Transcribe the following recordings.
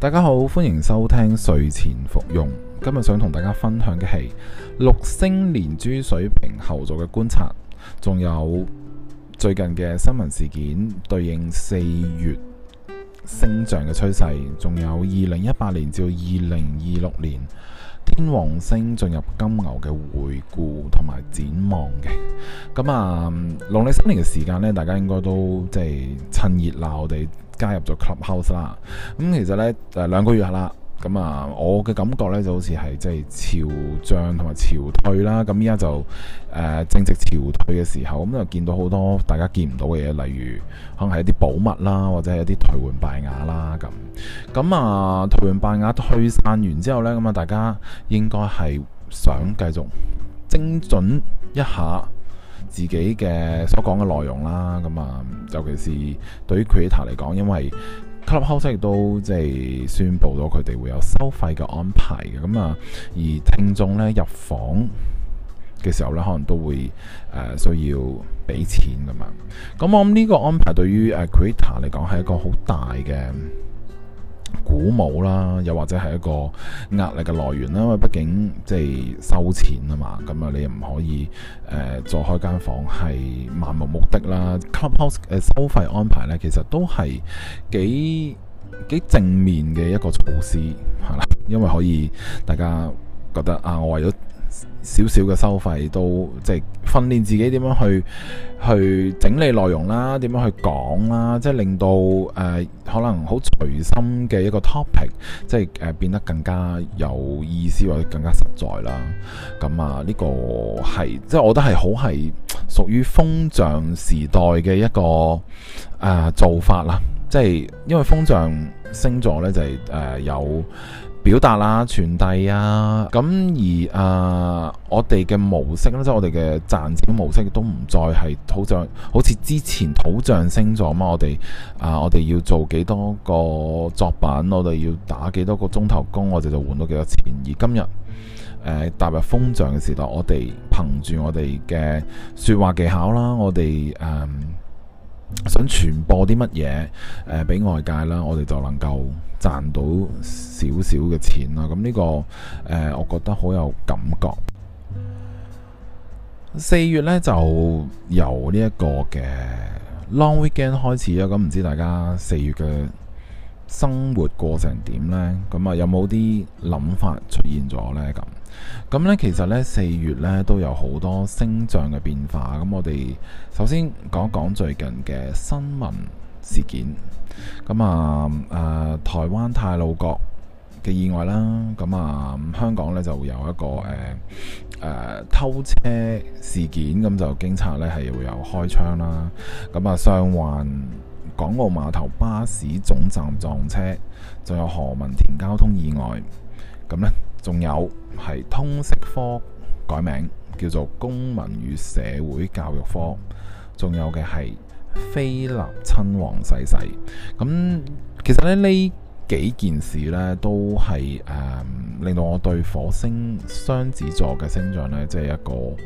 大家好，歡迎收聽睡前服用。今日想同大家分享嘅係六星連珠水平後座嘅觀察，仲有最近嘅新聞事件對應四月星象嘅趨勢，仲有二零一八年至二零二六年天王星進入金牛嘅回顧同埋展望嘅。咁啊，農、呃、曆新年嘅時間呢，大家應該都即係趁熱鬧地。加入咗 clubhouse 啦，咁、嗯、其實呢誒、就是、兩個月啦，咁啊我嘅感覺呢就好似係即係潮漲同埋潮退啦，咁依家就誒、呃、正值潮退嘅時候，咁、嗯、就見到好多大家見唔到嘅嘢，例如可能係一啲寶物啦，或者係一啲頹垣敗瓦啦咁，咁啊頹垣敗瓦退散完之後呢，咁、嗯、啊大家應該係想繼續精準一下自己嘅所講嘅內容啦，咁啊，尤其是對於 Creator 嚟講，因為 Clubhouse 亦都即係宣布咗佢哋會有收費嘅安排嘅，咁啊，而聽眾咧入房嘅時候咧，可能都會誒、呃、需要俾錢咁啊。咁我諗呢個安排對於誒、uh, Creator 嚟講係一個好大嘅鼓舞啦，又或者係一個壓力嘅來源啦，因為畢竟即係收錢啊嘛，咁啊你又唔可以誒再、呃、開間房係漫無目的啦。Clubhouse 誒、呃、收費安排呢，其實都係幾幾正面嘅一個措施係啦，因為可以大家覺得啊，我為咗少少嘅收費都即係。訓練自己點樣去去整理內容啦，點樣去講啦，即係令到誒、呃、可能好隨心嘅一個 topic，即係誒、呃、變得更加有意思或者更加實在啦。咁啊呢、呢個係即係，我覺得係好係屬於風象時代嘅一個誒、呃、做法啦。即係因為風象星座呢，就係、是、誒、呃、有。表達啦、啊、傳遞啊，咁而誒、呃，我哋嘅模式咧，即、就、係、是、我哋嘅賺錢模式都唔再係土象，好像好似之前土象星座嘛，我哋啊、呃，我哋要做幾多個作品，我哋要打幾多個鐘頭工，我哋就換到幾多錢。而今日、呃、踏入風象嘅時代，我哋憑住我哋嘅説話技巧啦，我哋誒、呃、想傳播啲乜嘢誒俾外界啦，我哋就能夠，賺到少少嘅錢啦，咁呢、這個誒、呃，我覺得好有感覺。四月呢，就由呢一個嘅 Long Weekend 開始啦，咁唔知大家四月嘅生活過成點呢？咁啊有冇啲諗法出現咗呢？咁咁呢，其實呢，四月呢都有好多星象嘅變化，咁我哋首先講講最近嘅新聞。事件咁啊，誒、呃，台灣太魯閣嘅意外啦，咁啊，香港咧就會有一個誒誒、呃呃、偷車事件，咁就警察咧係會有開槍啦，咁啊，上環港澳碼頭巴士總站撞車，仲有何文田交通意外，咁咧仲有係通識科改名叫做公民與社會教育科，仲有嘅係。菲立親王逝世，咁其實咧呢幾件事呢都係誒、呃、令到我對火星雙子座嘅星象呢，即係一個誒、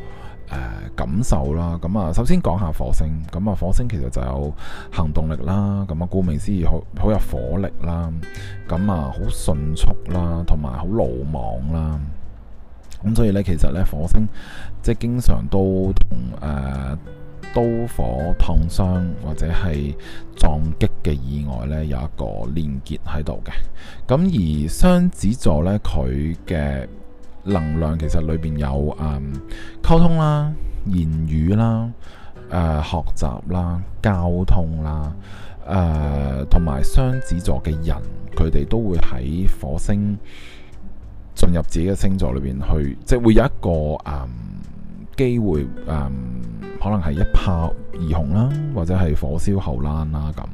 呃、感受啦。咁啊，首先講下火星，咁啊，火星其實就有行動力啦，咁啊，顧名思義好好有火力啦，咁啊，好迅速啦，同埋好魯莽啦。咁所以呢，其實呢，火星即係經常都同誒。呃刀火燙傷或者係撞擊嘅意外呢，有一個連結喺度嘅。咁而雙子座呢，佢嘅能量其實裏邊有嗯溝通啦、言語啦、誒、呃、學習啦、交通啦、誒同埋雙子座嘅人，佢哋都會喺火星進入自己嘅星座裏邊去，即係會有一個嗯機會嗯。可能係一炮而紅啦，或者係火燒後欄啦咁。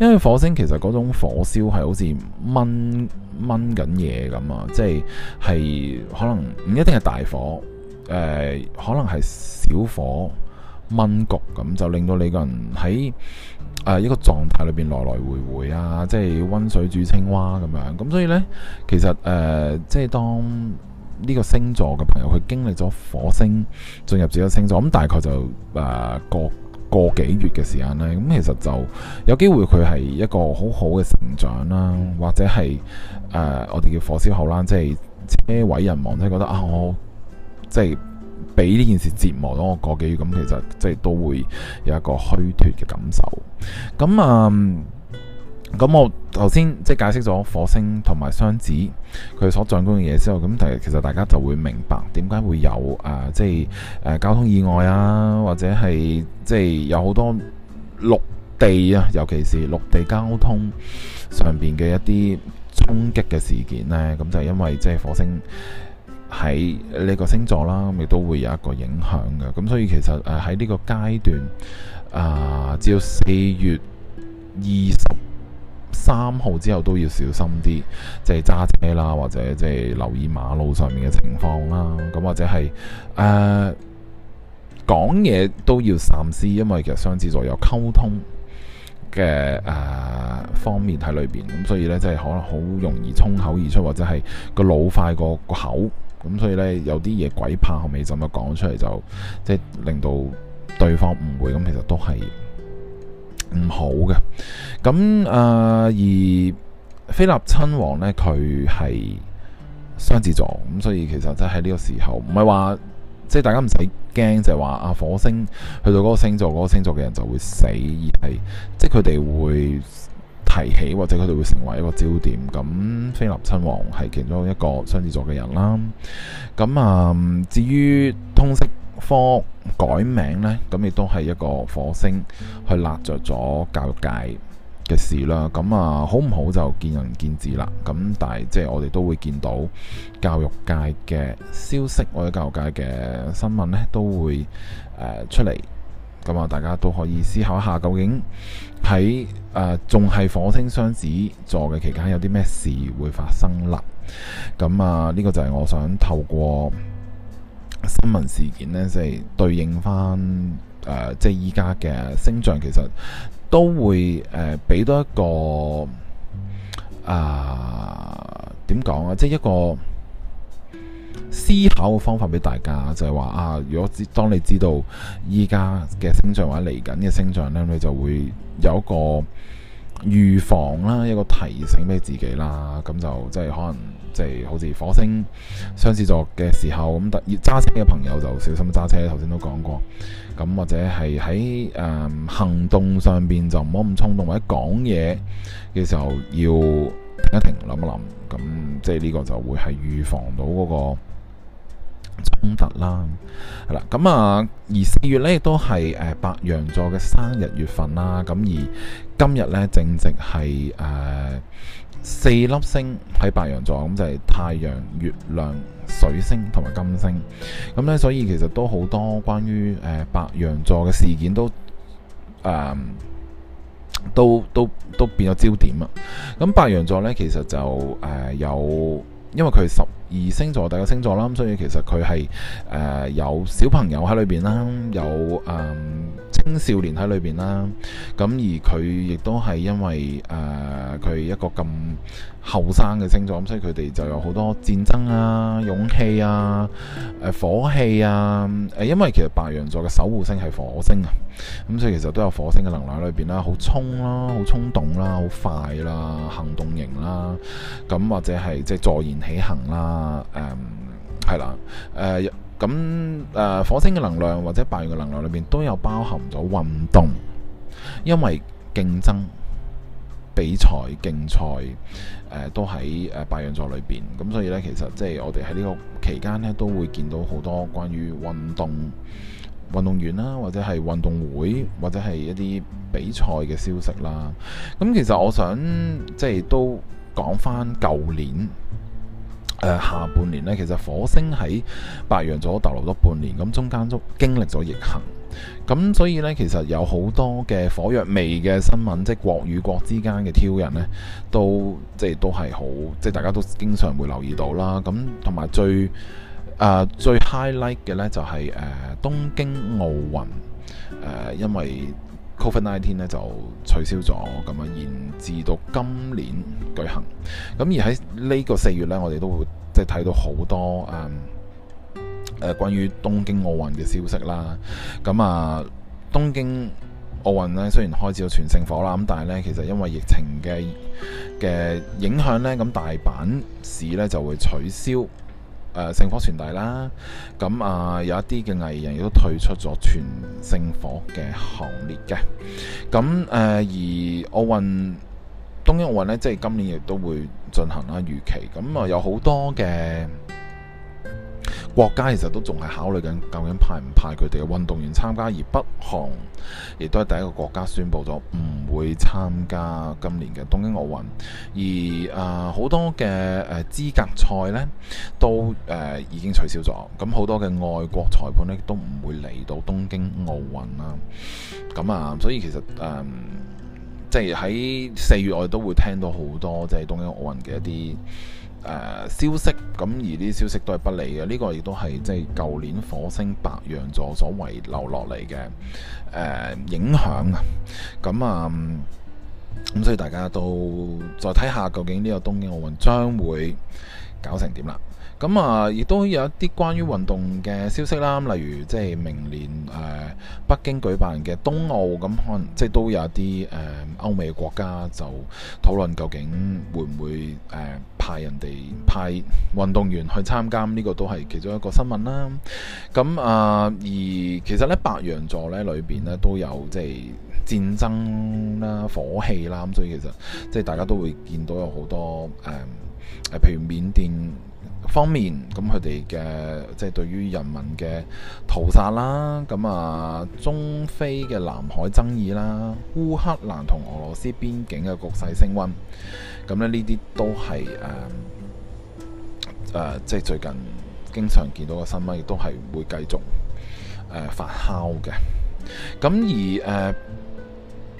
因為火星其實嗰種火燒係好似燜燜緊嘢咁啊，即係可能唔一定係大火，誒、呃，可能係小火燜焗咁，就令到你個人喺誒、呃、一個狀態裏邊來來回回啊，即係溫水煮青蛙咁樣。咁所以呢，其實誒、呃，即係當。呢個星座嘅朋友，佢經歷咗火星進入自己星座，咁大概就誒個個幾月嘅時間呢，咁其實就有機會佢係一個好好嘅成長啦，或者係誒、呃、我哋叫火燒後啦，即係車毀人亡，即係覺得啊，我即係俾呢件事折磨咗我個幾月，咁其實即係都會有一個虛脱嘅感受，咁啊。嗯咁我頭先即係解釋咗火星同埋雙子佢所掌管嘅嘢之後，咁但係其實大家就會明白點解會有誒、呃，即係誒、呃、交通意外啊，或者係即係有好多陸地啊，尤其是陸地交通上邊嘅一啲衝擊嘅事件呢。咁就係因為即係火星喺呢個星座啦，亦都會有一個影響嘅。咁所以其實誒喺呢個階段啊，至到、呃、四月二十。三號之後，都要小心啲，即係揸車啦，或者即係留意馬路上面嘅情況啦。咁或者係誒講嘢都要三思，因為其實雙子座有溝通嘅誒、呃、方面喺裏邊。咁所以呢，即係可能好容易衝口而出，或者係個腦快過個口。咁所以呢，有啲嘢鬼怕後尾就咁樣講出嚟，就即係令到對方誤會。咁其實都係。唔好嘅，咁啊、呃、而菲臘親王呢，佢係雙子座，咁所以其實即係呢個時候，唔係話即係大家唔使驚，就係話啊火星去到嗰個星座，嗰個星座嘅人就會死，而係即係佢哋會提起或者佢哋會成為一個焦點。咁菲臘親王係其中一個雙子座嘅人啦。咁啊、呃、至於通識。科改名呢，咁亦都係一個火星去辣着咗教育界嘅事啦。咁啊，好唔好就見仁見智啦。咁但係即係我哋都會見到教育界嘅消息，或者教育界嘅新聞呢都會誒、呃、出嚟。咁啊，大家都可以思考一下，究竟喺誒、呃、仲係火星雙子座嘅期間，有啲咩事會發生啦。咁啊，呢、這個就係我想透過。新聞事件呢，就係、是、對應翻誒、呃，即係依家嘅星象，其實都會誒俾、呃、多一個啊點講啊，即係一個思考嘅方法俾大家，就係、是、話啊，如果知當你知道依家嘅星象或者嚟緊嘅星象呢，你就會有一個預防啦，一個提醒俾自己啦，咁就即係可能。即係好似火星雙子座嘅時候咁，特要揸車嘅朋友就小心揸車。頭先都講過，咁或者係喺誒行動上邊就唔好咁衝動，或者講嘢嘅時候要停一停、諗一諗。咁即係呢個就會係預防到嗰個衝突啦。係啦，咁啊，而四月呢亦都係誒、呃、白羊座嘅生日月份啦。咁而今日呢，正值係誒。呃四粒星喺白羊座，咁就係太陽、月亮、水星同埋金星，咁呢，所以其實都好多關於誒、呃、白羊座嘅事件都誒、呃，都都都變咗焦點啊！咁白羊座呢，其實就誒、呃、有，因為佢十。而星座第一個星座啦，咁所以其實佢係誒有小朋友喺裏邊啦，有誒、呃、青少年喺裏邊啦。咁而佢亦都係因為誒佢、呃、一個咁後生嘅星座，咁所以佢哋就有好多戰爭啊、勇氣啊、誒、呃、火氣啊。誒因為其實白羊座嘅守護星係火星啊，咁所以其實都有火星嘅能量裏邊啦，好衝啦、啊、好衝動啦、啊、好快啦、啊、行動型啦、啊。咁或者係即係坐言起行啦、啊。啊，係啦、嗯，誒，咁、呃、誒、呃，火星嘅能量或者白羊嘅能量裡面都有包含咗運動，因為競爭、比賽、競賽，誒、呃，都喺誒白羊座裡邊，咁所以呢，其實即係我哋喺呢個期間咧，都會見到好多關於運動運動員啦，或者係運動會或者係一啲比賽嘅消息啦。咁其實我想即係都講翻舊年。呃、下半年呢，其實火星喺白羊座逗留咗半年，咁中間都經歷咗逆行，咁所以呢，其實有好多嘅火藥味嘅新聞，即係國與國之間嘅挑釁呢，都即係都係好，即係大家都經常會留意到啦。咁同埋最誒、呃、最 highlight 嘅呢、就係，就係誒東京奧運、呃，因為。COVID-19 呢就取消咗，咁啊延至到今年舉行。咁而喺呢個四月呢，我哋都會即係睇到好多誒誒、嗯呃、關於東京奧運嘅消息啦。咁、嗯、啊，東京奧運呢，雖然開始咗全聖火啦，咁但係呢，其實因為疫情嘅嘅影響呢，咁大阪市呢就會取消。誒聖火傳遞啦，咁、嗯、啊、呃、有一啲嘅藝人亦都退出咗全聖火嘅行列嘅，咁、嗯、誒、呃、而奧運東京奧運呢，即係今年亦都會進行啦，預期咁啊、嗯呃、有好多嘅國家其實都仲係考慮緊究竟派唔派佢哋嘅運動員參加，而北韓亦都係第一個國家宣佈咗唔會參加今年嘅東京奧運，而誒、呃、好多嘅誒資格賽呢都誒、呃、已經取消咗，咁好多嘅外國裁判呢都唔會嚟到東京奧運啦，咁啊，所以其實誒即係喺四月我都會聽到好多即係東京奧運嘅一啲。誒、呃，消息咁而呢啲消息都係不利嘅，呢、這個亦都係即係舊年火星白羊座所遺留落嚟嘅誒影響啊，咁啊，咁、嗯、所以大家都再睇下究竟呢個東京奧運將會搞成點啦。咁啊，亦、嗯、都有一啲關於運動嘅消息啦，例如即係明年誒、呃、北京舉辦嘅冬奧，咁可能即係都有啲誒、呃、歐美國家就討論究竟會唔會誒、呃、派人哋派運動員去參加，呢、這個都係其中一個新聞啦。咁、嗯、啊、呃，而其實咧白羊座咧裏邊咧都有即係戰爭啦、火氣啦，咁所以其實即係大家都會見到有好多誒誒、呃，譬如緬甸。方面，咁佢哋嘅即係對於人民嘅屠殺啦，咁啊中菲嘅南海爭議啦，烏克蘭同俄羅斯邊境嘅局勢升溫，咁咧呢啲都係誒誒，即係最近經常見到嘅新聞，亦都係會繼續誒、呃、發酵嘅。咁而誒、呃、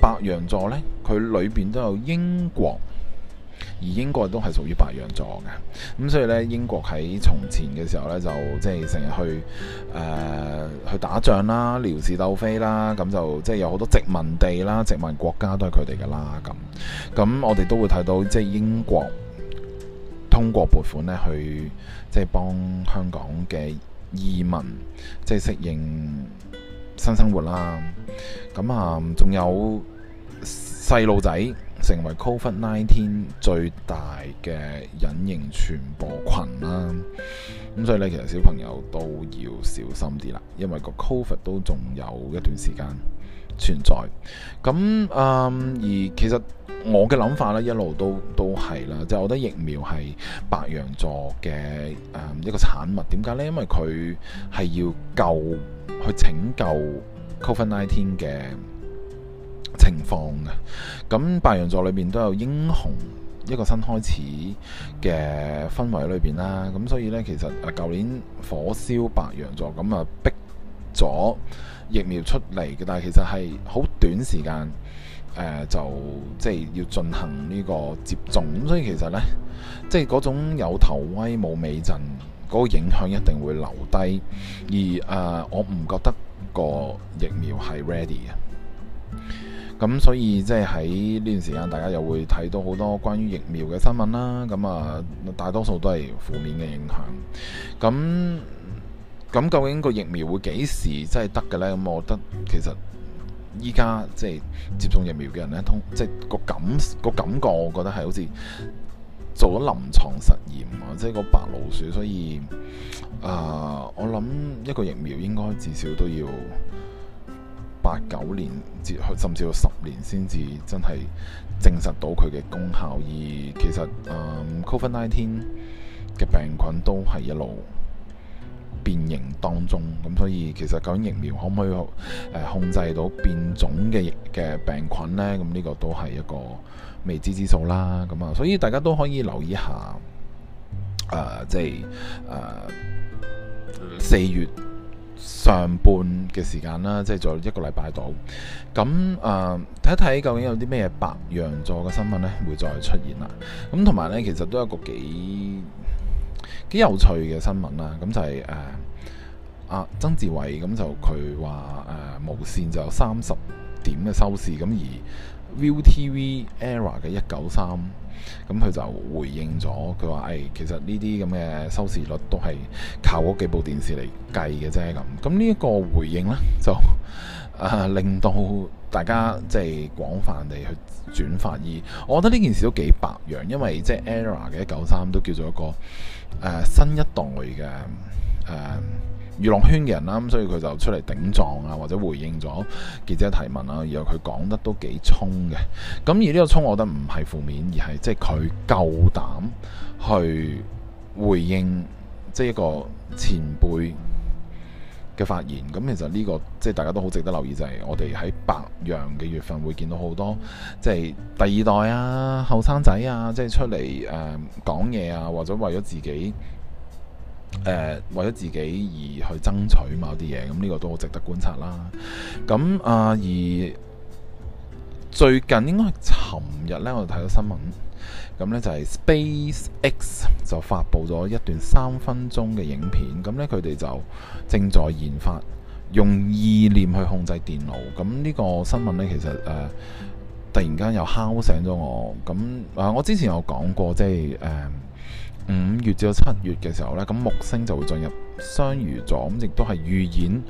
白羊座咧，佢裏邊都有英國。而英國都係屬於白羊座嘅，咁所以呢，英國喺從前嘅時候呢，就即係成日去誒、呃、去打仗啦、撩事鬥非啦，咁就即係有好多殖民地啦、殖民國家都係佢哋㗎啦，咁咁我哋都會睇到即係英國通過撥款呢，去即係幫香港嘅移民即係適應新生活啦，咁啊仲有細路仔。成為 Covid Nineteen 最大嘅隱形傳播群啦，咁所以咧，其實小朋友都要小心啲啦，因為個 Covid 都仲有一段時間存在。咁誒，而其實我嘅諗法咧，一路都都係啦，即係我覺得疫苗係白羊座嘅誒一個產物，點解呢？因為佢係要救去拯救 Covid Nineteen 嘅。19情況嘅，咁白羊座裏面都有英雄一個新開始嘅氛圍，裏邊啦，咁所以呢，其實誒舊年火燒白羊座，咁啊逼咗疫苗出嚟嘅，但係其實係好短時間、呃、就即係要進行呢個接種，咁所以其實呢，即係嗰種有頭威冇尾陣嗰、嗰個影響一定會留低，而啊、呃、我唔覺得個疫苗係 ready 嘅。咁所以即係喺呢段時間，大家又會睇到好多關於疫苗嘅新聞啦。咁啊，大多數都係負面嘅影響。咁咁究竟個疫苗會幾時即係得嘅呢？咁我覺得其實依家即係接種疫苗嘅人呢，通即係個感個感覺，我覺得係好似做咗臨床實驗啊，即係個白老鼠。所以啊、呃，我諗一個疫苗應該至少都要。八九年至甚至到十年先至真係證實到佢嘅功效，而其實、嗯、Covid nineteen 嘅病菌都係一路變形當中，咁所以其實究竟疫苗可唔可以誒控制到變種嘅嘅病菌咧？咁呢個都係一個未知之數啦。咁啊，所以大家都可以留意下，誒、呃，即係誒四月。上半嘅時間啦，即係仲有一個禮拜到，咁誒睇一睇究竟有啲咩白羊座嘅新聞呢？會再出現啦。咁同埋呢，其實都有一個幾幾有趣嘅新聞啦。咁就係、是、誒、呃啊、曾志偉，咁就佢話誒無線就有三十點嘅收視咁而。Viu TV Era 嘅一九三，咁佢就回應咗，佢話：誒、哎，其實呢啲咁嘅收視率都係靠嗰幾部電視嚟計嘅啫。咁咁呢一個回應呢，就誒、呃、令到大家即係廣泛地去轉發意。而我覺得呢件事都幾白羊，因為即係 Era 嘅一九三都叫做一個誒、呃、新一代嘅誒。呃娛樂圈嘅人啦，咁所以佢就出嚟頂撞啊，或者回應咗記者提問啦，然後佢講得都幾衝嘅。咁而呢個衝，我覺得唔係負面，而係即係佢夠膽去回應即係一個前輩嘅發言。咁其實呢、這個即係大家都好值得留意，就係、是、我哋喺白羊嘅月份會見到好多即係、就是、第二代啊、後生仔啊，即、就、係、是、出嚟誒講嘢啊，或者為咗自己。誒、呃，為咗自己而去爭取某啲嘢，咁、這、呢個都好值得觀察啦。咁、嗯、啊、呃，而最近應該係尋日呢，我就睇到新聞，咁、嗯、呢就係、是、SpaceX 就發布咗一段三分鐘嘅影片，咁、嗯、呢，佢、嗯、哋就正在研發用意念去控制電腦。咁、嗯、呢、這個新聞呢，其實誒、呃，突然間又敲醒咗我。咁、嗯、啊、呃，我之前有講過，即係誒。呃五月至到七月嘅時候呢，咁木星就會進入雙魚座，咁亦都係預演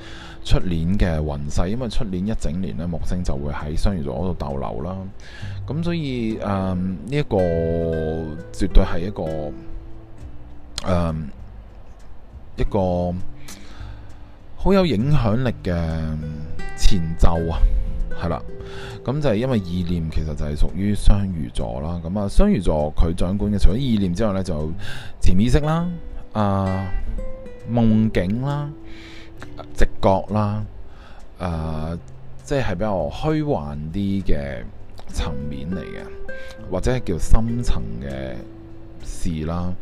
出年嘅運勢，因為出年一整年呢，木星就會喺雙魚座嗰度逗留啦。咁所以，誒呢一個絕對係一個，誒、嗯、一個好有影響力嘅前奏啊，係啦。咁就係因為意念其實就係屬於雙魚座啦，咁啊雙魚座佢掌管嘅除咗意念之外呢，就潛意識啦、啊、呃、夢境啦、直覺啦、誒即係比較虛幻啲嘅層面嚟嘅，或者係叫深層嘅事啦。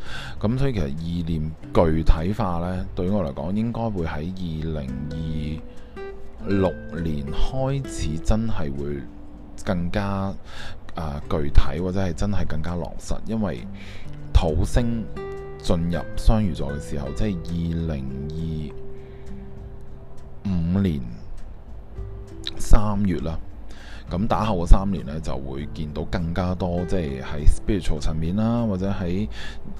咁所以其實意念具體化呢，對於我嚟講，應該會喺二零二六年開始真係會更加、呃、具體或者係真係更加落實，因為土星進入雙魚座嘅時候，即係二零二五年三月啦。咁打後三年咧，就會見到更加多，即係喺 spiritual 層面啦，或者喺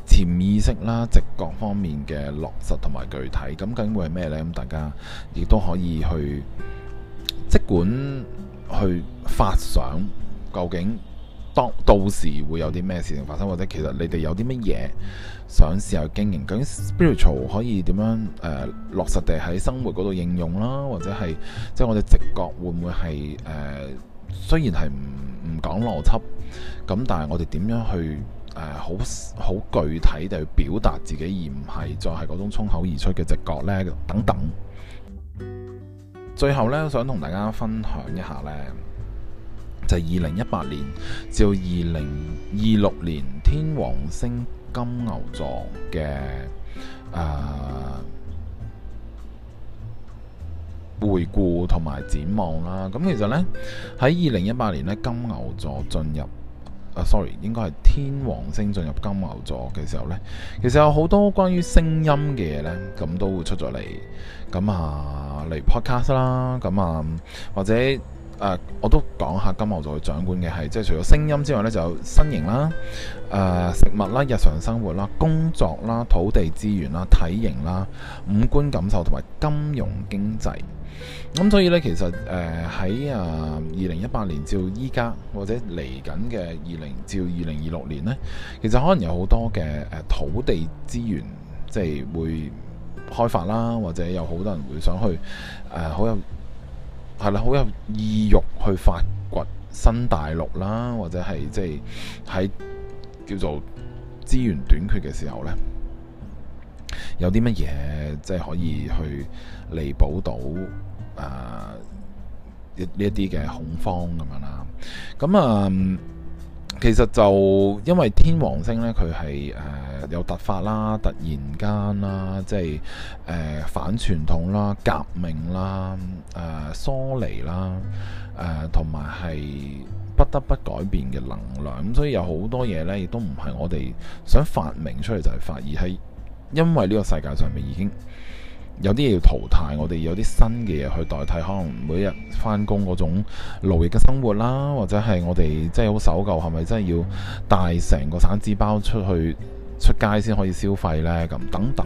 潛意識啦、直覺方面嘅落實同埋具體。咁究竟會係咩呢？咁大家亦都可以去，即管去發想，究竟當到，到時會有啲咩事情發生，或者其實你哋有啲乜嘢想試下經營，究竟 spiritual 可以點樣誒、呃、落實地喺生活嗰度應用啦，或者係即係我哋直覺會唔會係誒？呃雖然係唔唔講邏輯咁，但係我哋點樣去誒好好具體地表達自己，而唔係再係嗰種衝口而出嘅直覺呢？等等。最後呢，想同大家分享一下呢，就係二零一八年至到二零二六年天王星金牛座嘅誒。呃回顧同埋展望啦。咁其實呢，喺二零一八年咧，金牛座進入啊，sorry，應該係天王星進入金牛座嘅時候呢，其實有好多關於聲音嘅嘢呢，咁都會出咗嚟。咁啊，例如 podcast 啦，咁啊，或者誒、啊，我都講下金牛座嘅掌管嘅係，即係除咗聲音之外呢，就有身形啦、誒、呃、食物啦、日常生活啦、工作啦、土地資源啦、體型啦、五官感受同埋金融經濟。咁所以呢，其實誒喺、呃、啊二零一八年至依家，或者嚟緊嘅二零至二零二六年呢，其實可能有好多嘅誒、啊、土地資源，即係會開發啦，或者有好多人會想去誒、呃、好有係啦，好有意欲去發掘新大陸啦，或者係即係喺叫做資源短缺嘅時候呢，有啲乜嘢即係可以去彌補到。誒，呢一啲嘅恐慌咁樣啦，咁啊，其實就因為天王星呢，佢係誒有突發啦，突然間啦，即係誒、呃、反傳統啦、革命啦、誒疏離啦，誒同埋係不得不改變嘅能量，咁所以有好多嘢呢，亦都唔係我哋想發明出嚟就係發，而係因為呢個世界上面已經。有啲嘢要淘汰，我哋有啲新嘅嘢去代替，可能每日翻工嗰種勞役嘅生活啦，或者係我哋即係好守舊，係咪真係要帶成個散紙包出去出街先可以消費咧？咁等等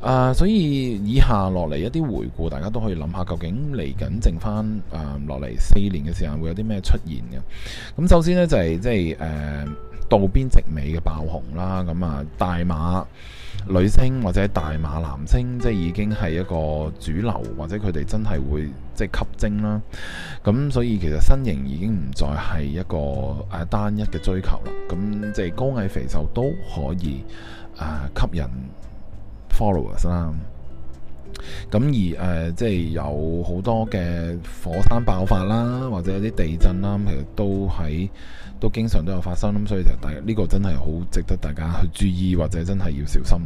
啊、呃，所以以下落嚟一啲回顧，大家都可以諗下，究竟嚟緊剩翻誒落嚟四年嘅時間會有啲咩出現嘅？咁、嗯、首先咧就係、是、即係誒、呃、道邊直尾嘅爆紅啦，咁啊，啊大馬。女星或者大馬男星即係已經係一個主流，或者佢哋真係會即係吸睛啦。咁所以其實身形已經唔再係一個誒單一嘅追求啦。咁即係高矮肥瘦都可以誒、呃、吸引 followers 啦。咁而誒、呃，即係有好多嘅火山爆發啦，或者有啲地震啦，其實都喺都經常都有發生咁，所以就大呢個真係好值得大家去注意，或者真係要小心。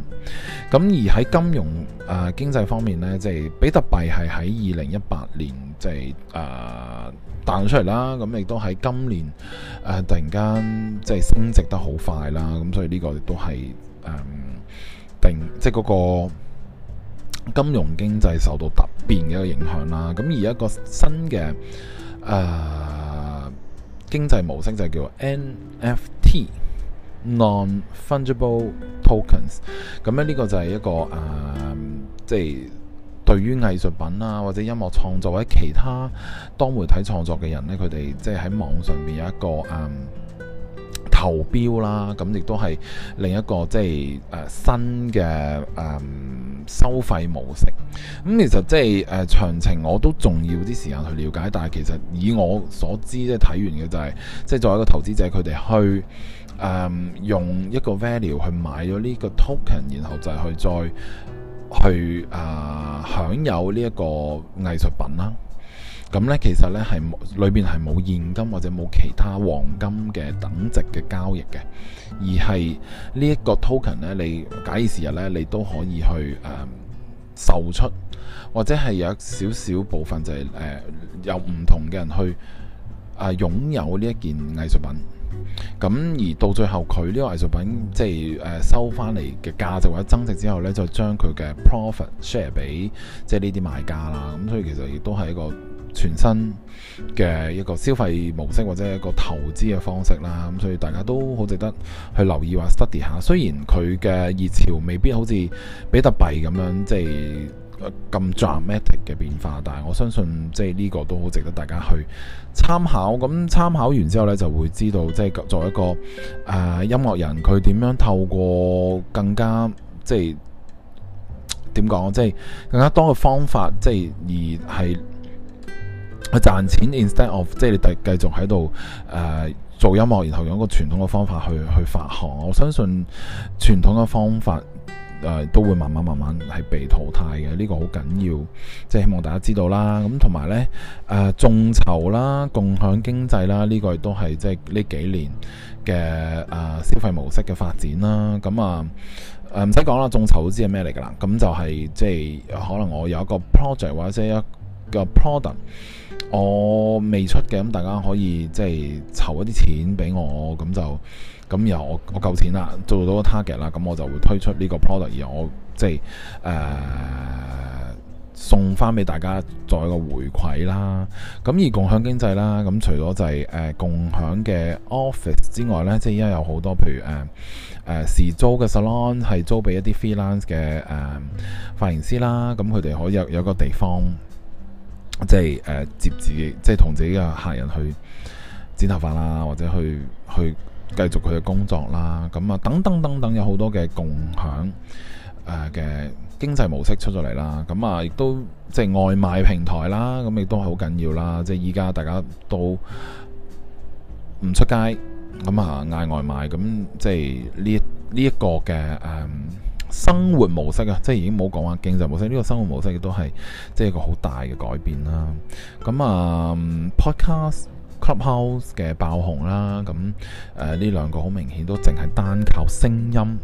咁而喺金融誒、呃、經濟方面呢，即係比特幣係喺二零一八年即係誒彈出嚟啦，咁亦都喺今年誒、呃、突然間即係升值得好快啦，咁所以呢個亦都係誒定即係嗰、那個。金融經濟受到突變嘅一個影響啦，咁而一個新嘅誒、呃、經濟模式就係叫做 NFT（Non-Fungible Tokens）。咁咧呢個就係一個誒，即、呃、係、就是、對於藝術品啊，或者音樂創作或者其他多媒體創作嘅人咧，佢哋即係喺網上面有一個誒。呃投標啦，咁亦都係另一個即係誒、呃、新嘅誒、呃、收費模式。咁、嗯、其實即係誒詳情，我都仲要啲時間去了解。但係其實以我所知，即係睇完嘅就係、是，即係作為一個投資者，佢哋去誒、呃、用一個 value 去買咗呢個 token，然後就係去再去誒、呃、享有呢一個藝術品啦。咁咧，其實咧係冇裏邊係冇現金或者冇其他黃金嘅等值嘅交易嘅，而係呢一個 token 咧，你假以時日咧，你都可以去誒、呃、售出，或者係有少少部分就係、是、誒、呃、有唔同嘅人去啊、呃、擁有呢一件藝術品。咁而到最後，佢呢個藝術品即係誒收翻嚟嘅價值或者增值之後咧，就將佢嘅 profit share 俾即係呢啲買家啦。咁所以其實亦都係一個。全新嘅一個消費模式或者一個投資嘅方式啦，咁所以大家都好值得去留意或 study 下。雖然佢嘅熱潮未必好似比特幣咁樣，即係咁 dramatic 嘅變化，但係我相信即係呢個都好值得大家去參考。咁參考完之後咧，就會知道即係作為一個誒、呃、音樂人，佢點樣透過更加即係點講，即係更加多嘅方法，即係而係。去賺錢，instead of 即係你第繼續喺度誒做音樂，然後用一個傳統嘅方法去去發行。我相信傳統嘅方法誒、呃、都會慢慢慢慢係被淘汰嘅。呢、這個好緊要，即係希望大家知道啦。咁同埋呢，誒、呃，眾籌啦、共享經濟啦，呢、這個亦都係即係呢幾年嘅誒、呃、消費模式嘅發展啦。咁啊誒唔使講啦，眾籌都知係咩嚟㗎啦？咁就係即係可能我有一個 project 或者一個 product。我未出嘅，咁大家可以即係籌一啲錢俾我，咁就咁由我我夠錢啦，做到個 target 啦，咁我就會推出呢個 product 而我即係誒、呃、送翻俾大家作為個回饋啦。咁而共享經濟啦，咁除咗就係、是、誒、呃、共享嘅 office 之外咧，即係依家有好多譬如誒誒、呃呃、時租嘅 salon 係租俾一啲 freelance 嘅誒、呃、髮型師啦，咁佢哋可以有有個地方。即係誒、呃、接自己，即係同自己嘅客人去剪頭髮啦，或者去去繼續佢嘅工作啦，咁啊等等等等，有好多嘅共享誒嘅、呃、經濟模式出咗嚟啦。咁啊，亦都即係外賣平台啦，咁亦都係好緊要啦。即係依家大家都唔出街，咁啊嗌外賣，咁即係呢呢一個嘅誒。呃生活模式啊，即係已經冇講話經濟模式，呢個生活模式亦都係即係一個好大嘅改變啦。咁啊、uh，Podcast Clubhouse 嘅爆紅啦，咁誒呢兩個好明顯都淨係單靠聲音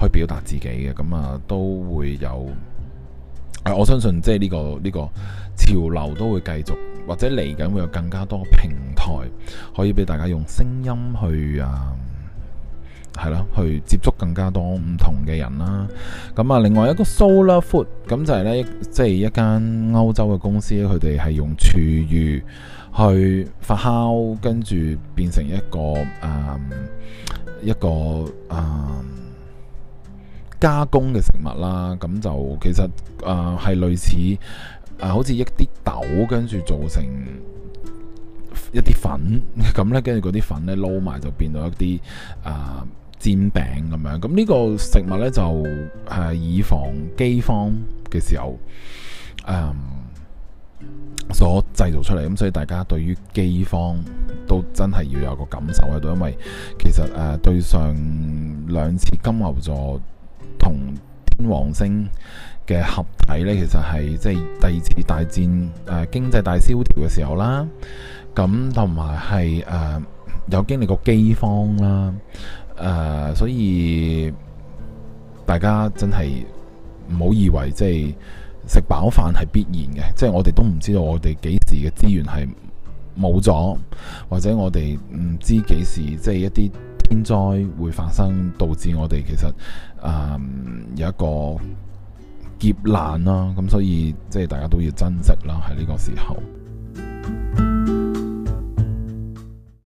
去表達自己嘅。咁啊、uh, 都會有。Uh, 我相信即係呢個呢個潮流都會繼續，或者嚟緊會有更加多平台可以俾大家用聲音去啊。Uh, 係咯，去接觸更加多唔同嘅人啦。咁啊，另外一個 Solar Food 咁就係呢，即係一間歐洲嘅公司，佢哋係用廚餘去發酵，跟住變成一個誒、呃、一個誒、呃、加工嘅食物啦。咁就其實誒係、呃、類似誒、呃，好似一啲豆跟住做成一啲粉，咁呢跟住嗰啲粉呢撈埋就變到一啲誒。呃煎餅咁樣，咁呢個食物呢，就誒、啊，以防饑荒嘅時候，啊、所製造出嚟咁，所以大家對於饑荒都真係要有個感受喺度。因為其實誒、啊，對上兩次金牛座同天王星嘅合體呢，其實係即係第二次大戰誒、啊，經濟大蕭條嘅時候啦。咁同埋係誒，有經歷過饑荒啦。誒，uh, 所以大家真係唔好以為即係食飽飯係必然嘅，即係我哋都唔知道我哋幾時嘅資源係冇咗，或者我哋唔知幾時即係一啲天災會發生，導致我哋其實誒、uh, 有一個劫難啦。咁所以即係大家都要珍惜啦，喺呢個時候。